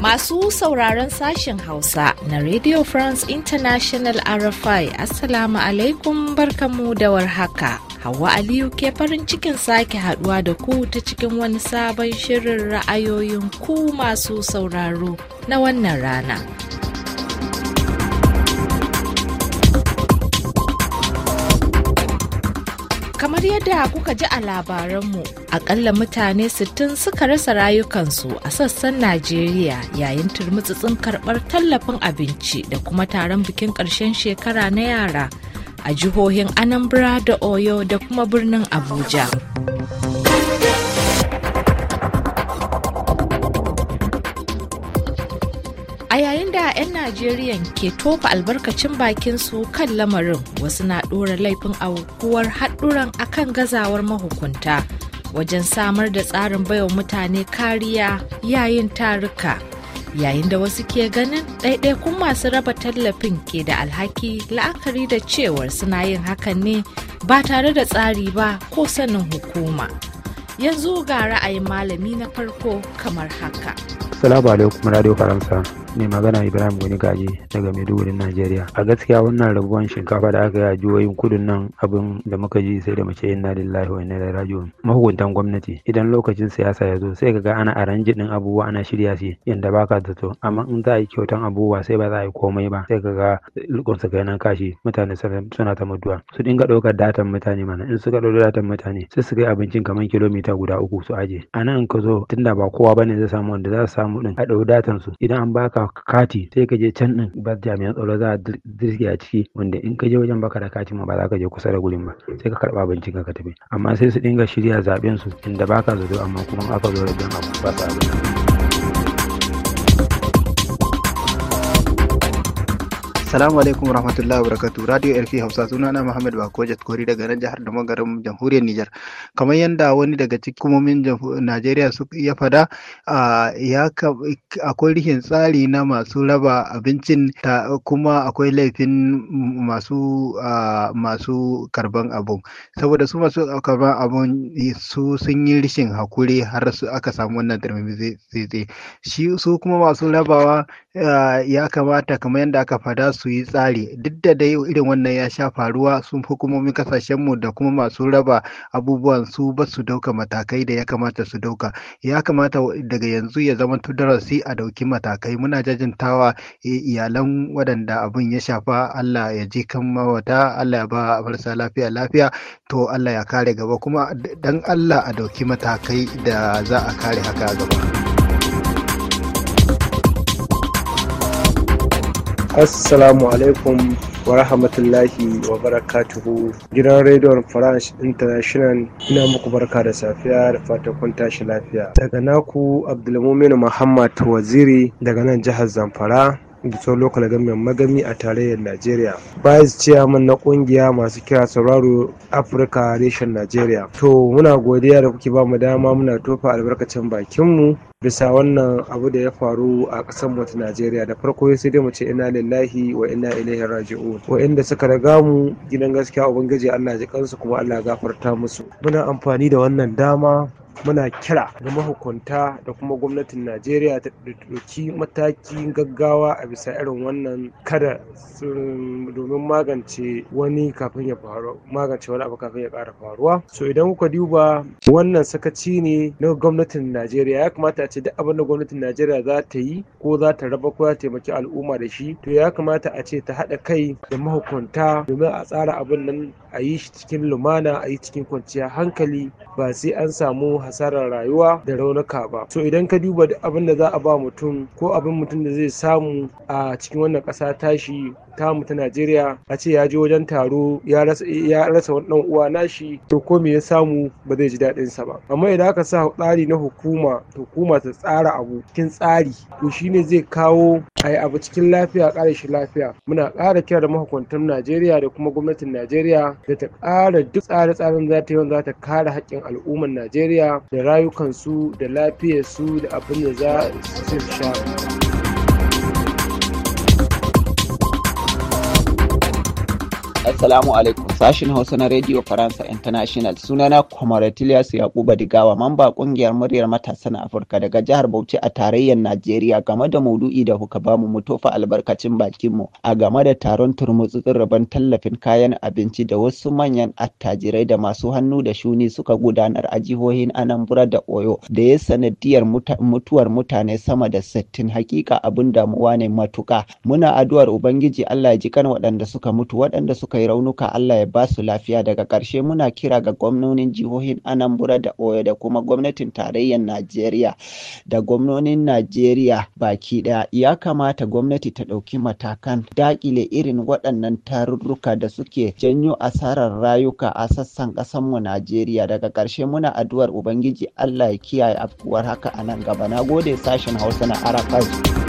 Masu sauraron sashen Hausa na Radio France International RFI, Assalamu alaikum barkamu da warhaka. Hauwa Aliyu ke farin cikin sake haduwa da ku ta cikin wani sabon shirin ra'ayoyin ku masu sauraro na wannan rana. kamar yadda kuka ji a labaranmu akalla mutane 60 suka rasa rayukansu a sassan najeriya yayin turmutsutsun karbar tallafin abinci da kuma taron bikin ƙarshen shekara na yara a jihohin anambra da oyo da kuma birnin abuja Najeriya ke tofa albarkacin bakin su kan lamarin wasu na ɗora laifin aukuwar haɗuran akan gazawar mahukunta wajen samar da tsarin baiwa mutane kariya yayin taruka. Yayin da wasu ke ganin ɗaiɗaikun masu raba tallafin ke da alhaki la'akari da cewar suna yin hakan ne ba tare da tsari ba ko sanin hukuma. Yanzu ga ra'ayin malami na farko kamar haka. mai magana ibrahim wani gaji daga maiduguri najeriya a gaskiya wannan rabuwan shinkafa da aka yi a jihohin kudun nan abin da muka ji sai da mace inna lillahi wa inna ilaihi raji'un mahukuntan gwamnati idan lokacin siyasa ya zo sai ka ga ana aranje din abubuwa ana shirya yadda yanda baka zato amma in za a yi kyautan abubuwa sai ba za a yi komai ba sai kaga lukunsa nan kashi mutane suna ta mutuwa su dinga ɗaukar datan mutane mana in suka ɗauki datan mutane sai su kai abincin kamar kilomita guda uku su aje a nan ka zo tunda ba kowa bane zai samu wanda za su samu din a ɗau datan su idan an baka kati sai ka je can din ba jami'an tsaro za a dirge a ciki wanda in ka je wajen baka da kati ma ba za ka je kusa da gurin ba sai ka karba abincin ka tafi amma sai su dinga shirya zaben su inda baka zato amma kuma aka zo da abu ba sa abin Assalamu alaikum warahmatullahi wabarakatuh. Radio RFI Hausa sunana Muhammad Bako Jatkori daga nan jihar da magarin jamhuriyar Nijar. Kamar yadda wani daga cikin Najeriya su ya fada akwai rihin tsari na masu raba abincin ta kuma akwai laifin masu masu karban abu. Saboda su masu karban abun su sun yi rishin hakuri har su aka samu wannan tarmimi zai Shi su kuma masu rabawa ya kamata kamar yadda aka fada su yi tsari duk da dai irin wannan ya sha faruwa sun hukumomin kasashenmu da kuma masu raba abubuwan su ba su dauka matakai da ya kamata su dauka ya kamata daga yanzu ya zama darasi a dauki matakai muna jajintawa eh, iyalan waɗanda abin ya shafa Allah ya ji kan mawata Allah ya ba marasa lafiya lafiya to Allah ya kare gaba kuma dan Allah a dauki matakai da za a kare haka gaba. assalamu alaikum wa rahmatullahi wa barakatuhu gidan rediyon france international ina muku barka da safiya da fatan kun tashi lafiya daga naku abdulmumin muhammad waziri daga nan jihar zamfara gusau lokal gamin magami a tarayyar najeriya vice min na kungiya masu kira sauraro afirka reshen najeriya to muna godiya da kuke ba mu dama muna tofa albarkacin bakinmu bisa wannan abu da ya faru a ƙasar mu ta Najeriya da farko sai dai mu ce inna lillahi wa inna ilaihi raji'un wa'inda suka riga mu gidan gaskiya ubangiji Allah ya ji kansu kuma Allah ya gafarta musu muna amfani da wannan dama muna kira ga mahukunta da kuma gwamnatin najeriya ta ɗauki matakin gaggawa a bisa irin wannan kada domin magance wani kafin ya faru magance wani abu kafin ya ƙara faruwa so idan kuka duba wannan sakaci ne na gwamnatin najeriya ya kamata a ce duk abin da gwamnatin najeriya za ta yi ko za ta raba ko za ta taimaki al'umma da shi to ya kamata a ce ta haɗa kai da mahukunta domin a tsara abin nan a yi shi cikin lumana a yi cikin kwanciyar hankali ba sai an samu hasarar rayuwa da raunuka ba so idan ka duba duk abin da za a ba mutum ko abin mutum da zai samu a cikin wannan ƙasa tashi shi ta najeriya a ce ya je wajen taro ya rasa wani ɗan uwa shi to ko me ya samu ba zai ji daɗin sa ba amma idan aka sa tsari na hukuma hukuma ta tsara abu cikin tsari to shine zai kawo a yi abu cikin lafiya ƙara shi lafiya muna ƙara kira da mahukuntan najeriya da kuma gwamnatin najeriya da ta ƙara duk tsare-tsaren za ta yi wanda za ta kare haƙƙin al'ummar najeriya da rayukansu da lafiyarsu da abin da za su sha Assalamu alaikum sashin Hausa na Radio Faransa International sunana Kwamaratiliyasu Yakuba Digawa mamba kungiyar muryar matasan Afirka daga jihar Bauchi a tarayyar Najeriya game da maudu'i da kuka bamu mu tofa albarkacin mu a game da taron turmutsutsun rabon tallafin kayan abinci da wasu manyan attajirai da masu hannu da shuni suka gudanar a jihohin Anambra da Oyo da ya sanadiyar mutuwar mutane sama da 60 hakika abin damuwa ne matuƙa. muna addu'ar ubangiji Allah ya ji kan waɗanda suka mutu waɗanda suka kai raunuka Allah ya ba su lafiya daga ƙarshe muna kira ga gwamnonin jihohin Anambra da Oyo da kuma gwamnatin tarayyar Najeriya da gwamnonin Najeriya baki ɗaya ya kamata gwamnati ta ɗauki matakan daƙile irin waɗannan tarurruka da suke janyo asarar rayuka a sassan ƙasanmu Najeriya daga ƙarshe muna addu'ar Ubangiji Allah ya kiyaye afkuwar haka a nan gaba na gode sashen Hausa na Arakas.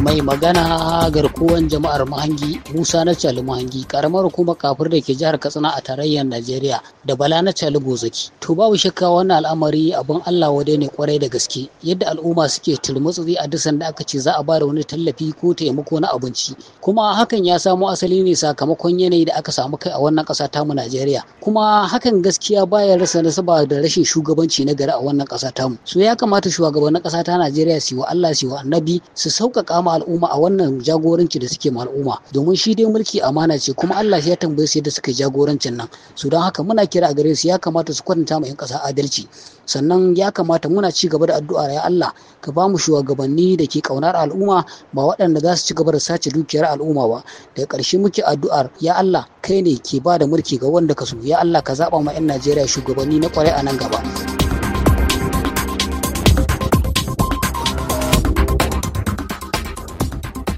mai magana garkuwan jama'ar mahangi musa na cali mahangi karamar kuma kafir da ke jihar katsina a tarayyar najeriya da bala na cali gozaki to babu shakka wannan al'amari abin allah wade ne kwarai da gaske yadda al'umma suke turmutsi a dusan da aka ce za a bada wani tallafi ko taimako na abinci kuma hakan ya samo asali ne sakamakon yanayi da aka samu kai a wannan ƙasa tamu najeriya kuma hakan gaskiya baya rasa nasaba da rashin shugabanci na gari a wannan ƙasa tamu Su ya kamata shugabannin ƙasa ta najeriya su wa allah su wa annabi su sauƙaƙa ma al'umma a wannan jagoranci da suke ma al'umma domin shi dai mulki amana ce kuma Allah ya tambaye su da suka jagorancin nan su don haka muna kira a gare su ya kamata su kwatanta ma 'yan ƙasa adalci sannan ya kamata muna ci gaba da addu'a ya Allah ka ba mu shugabanni da ke ƙaunar al'umma ba waɗanda za su ci gaba da sace dukiyar al'umma ba daga ƙarshe muke addu'ar ya Allah kai ne ke ba da mulki ga wanda ka so ya Allah ka zaɓa ma 'yan Najeriya shugabanni na ƙwarai a nan gaba.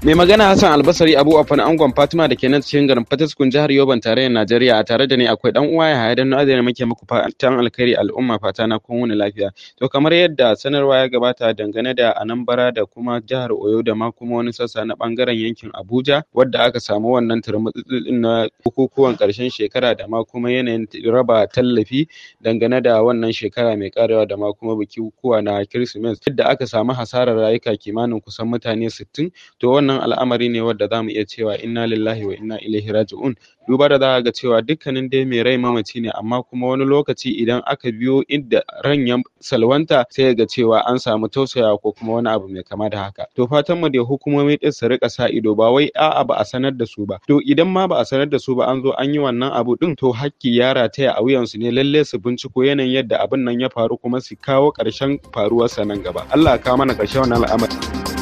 Mai magana Hassan Albasari Abu Afan Angon Fatima da ke cikin garin Fataskun jihar Yoban tarayyar Najeriya a tare da ni akwai dan uwa Yahaya Danno Adana muke muku fatan alkhairi al'umma fata na kun wani lafiya. To kamar yadda sanarwa ya gabata dangane da Anambra da kuma jihar Oyo da ma kuma wani sassa na bangaren yankin Abuja wadda aka samu wannan turmutsutsun na bukukuwan karshen shekara da ma kuma yanayin raba tallafi dangane da wannan shekara mai karewa da ma kuma bukukuwa na Kirsimeti yadda aka samu hasarar rayuka kimanin kusan mutane sittin to wannan wannan al'amari ne wanda mu iya cewa inna lillahi wa inna ilaihi raji'un duba da za ga cewa dukkanin dai mai rai mamaci ne amma kuma wani lokaci idan aka biyo inda ran ya salwanta sai ga cewa an samu tausayawa ko kuma wani abu mai kama da haka to fatan mu da hukumomi din su rika sa ido ba wai a'a ba a sanar da su ba to idan ma ba a sanar da su ba an zo an yi wannan abu din to hakki ya rataya a wuyansu ne lalle su binciko yanayin yadda abin nan ya faru kuma su kawo ƙarshen sa nan gaba Allah ka mana ƙarshen wannan al'amari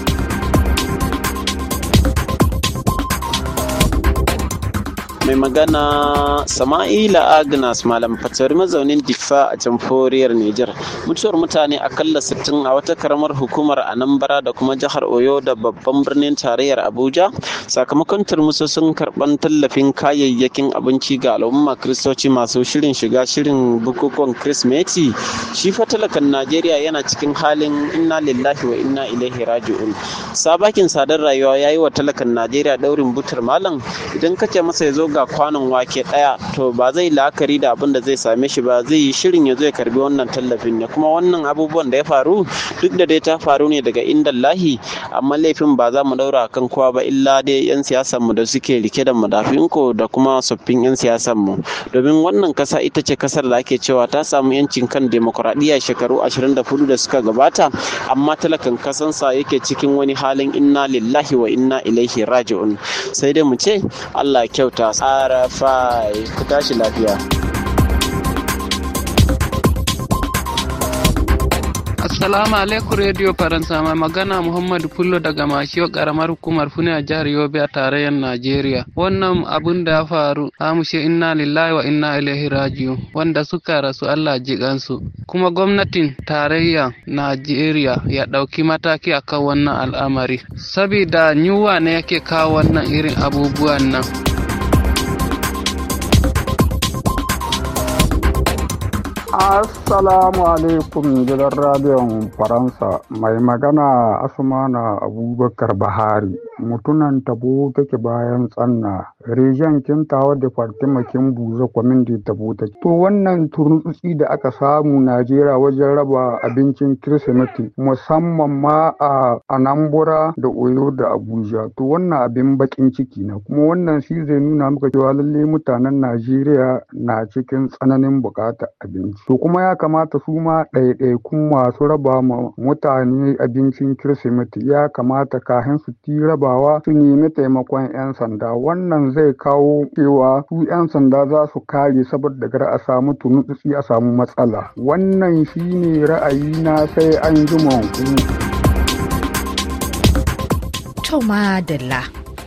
mai magana sama'ila agnes malam fatari mazaunin diffa a jamhuriyar niger mutuwar mutane akalla 60 a wata karamar hukumar anambra da kuma jihar oyo da babban birnin tarayyar abuja sakamakon sun karban tallafin kayayyakin abinci ga al'umma kristoci masu shirin shiga shirin bukukuwan kirsimeti shi fatalakan najeriya yana cikin halin inna lillahi wa inna ilaihi raji'un sabakin sadar rayuwa ya yi wa talakan najeriya daurin butar malam idan kace masa ya zo ga kwanon wake ɗaya to ba zai la'akari da abin da zai same shi ba zai yi shirin ya zo ya karbi wannan tallafin ne kuma wannan abubuwan da ya faru duk da dai ta faru ne daga inda lahi amma laifin ba za mu daura kan kowa ba illa dai yan siyasar mu da suke rike da madafin ko da kuma tsoffin yan siyasar mu domin wannan kasa ita ce kasar da ake cewa ta samu yancin kan demokuraɗiyya shekaru 24 da suka gabata amma talakan kasansa yake cikin wani halin inna lillahi wa inna ilaihi raji'un sai dai mu ce Allah kyauta RFI ku tashi lafiya Assalamu alaikum Radio Faransa mai magana Muhammadu Fullo daga Mashiyo karamar hukumar Fune a jihar Yobe a tarayyar Najeriya. Wannan abin da ya faru amushe inna lillahi wa inna ilaihi raji'un wanda suka rasu Allah ji Kuma gwamnatin tarayya Najeriya ya ɗauki mataki akan wannan al'amari. Sabida nyuwa ne yake kawo wannan irin abubuwan nan. Assalamu alaikum gidan radiyon Faransa mai magana Asmana Abubakar Bahari mutunan tabo take bayan tsanna region Kintawa da Fatima buza za ta tabo take. To wannan turutsi da aka samu Najeriya wajen raba abincin Kirsimeti musamman ma a Anambra da Oyo da Abuja. To wannan abin bakin ciki na kuma wannan shi zai nuna muka cewa lalle mutanen Najeriya na cikin tsananin bukata abinci. To kuma ya kamata su ma ɗaiɗaikun masu raba ma mutane abincin Kirsimeti ya kamata kahin su ti rabawa su nemi taimakon 'yan sanda. Wannan zai kawo cewa su 'yan sanda za su kare saboda gara a samu tunutsi a samu matsala. Wannan shine na sai an ji ma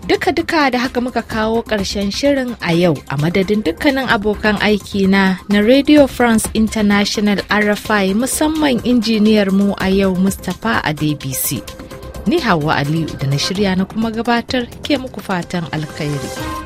Duka-duka da haka muka kawo ƙarshen shirin a yau a madadin dukkanin abokan aiki na na Radio France International RFI musamman injiniyar mu a yau Mustapha a dbc Ni Hauwa Aliyu da na shirya na kuma gabatar ke muku fatan alkhairi.